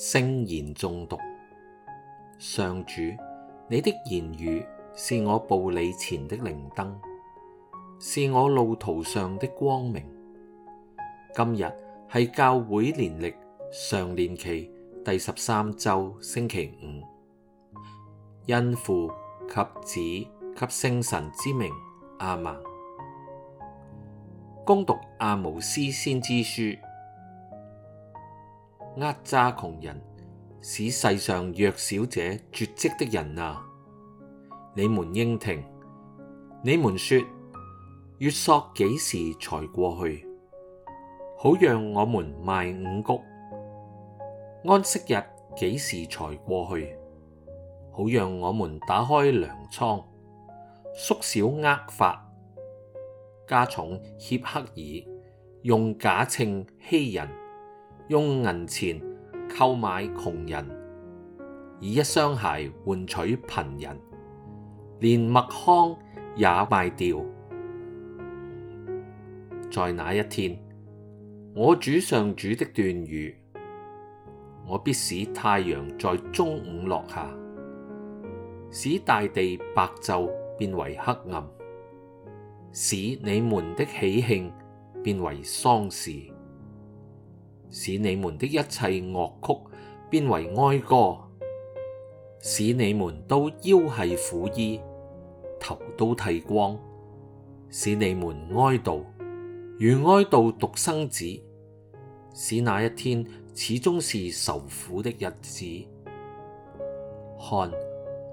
聖言誦讀。上主，你的言語是我步履前的靈燈，是我路途上的光明。今日係教會年曆常年期第十三周星期五，因父及子及聖神之名，阿們。恭讀亞毛斯先知書。壓榨窮人，使世上弱小者絕跡的人啊！你們應聽，你們說，月朔幾時才過去，好讓我們賣五穀；安息日幾時才過去，好讓我們打開糧倉，縮小厄法，加重協刻耳，用假秤欺人。用銀錢購買窮人，以一雙鞋換取貧人，連麥糠也賣掉。在那一天，我主上主的斷語，我必使太陽在中午落下，使大地白晝變為黑暗，使你們的喜慶變為喪事。使你們的一切樂曲變為哀歌，使你們都腰繫苦衣，頭都剃光，使你們哀悼如哀悼獨生子，使那一天始終是愁苦的日子。看，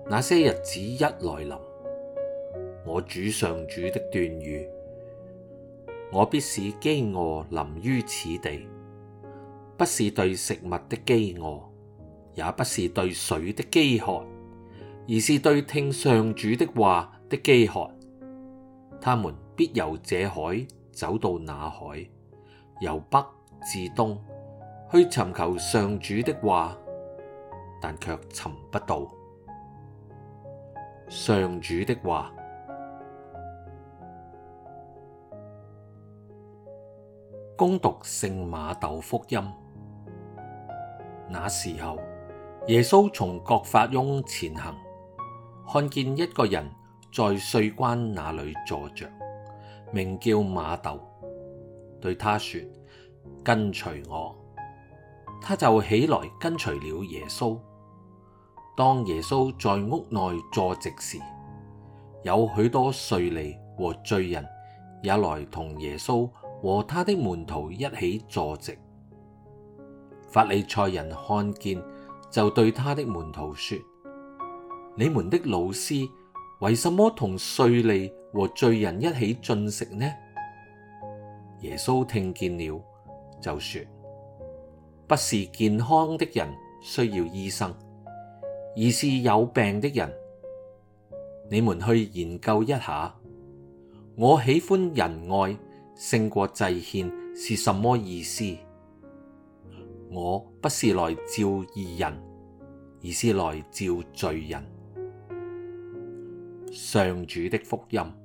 那些日子一來臨，我主上主的斷語，我必使飢餓臨於此地。不是對食物的飢餓，也不是對水的飢渴，而是對聽上主的話的飢渴。他們必由這海走到那海，由北至東，去尋求上主的話，但卻尋不到。上主的話。恭讀聖瑪竇福音。那時候，耶穌從葛法翁前行，看見一個人在稅關那裏坐着，名叫瑪竇，對他說：跟隨我。他就起來跟隨了耶穌。當耶穌在屋內坐席時，有許多稅吏和罪人也來同耶穌和他的門徒一起坐席。法利賽人看見，就對他的門徒說：你們的老師為什麼同稅吏和罪人一起進食呢？耶穌聽見了就說：不是健康的人需要醫生，而是有病的人。你們去研究一下，我喜歡仁愛勝過祭獻是什麼意思？我不是來召義人，而是來召罪人。上主的福音。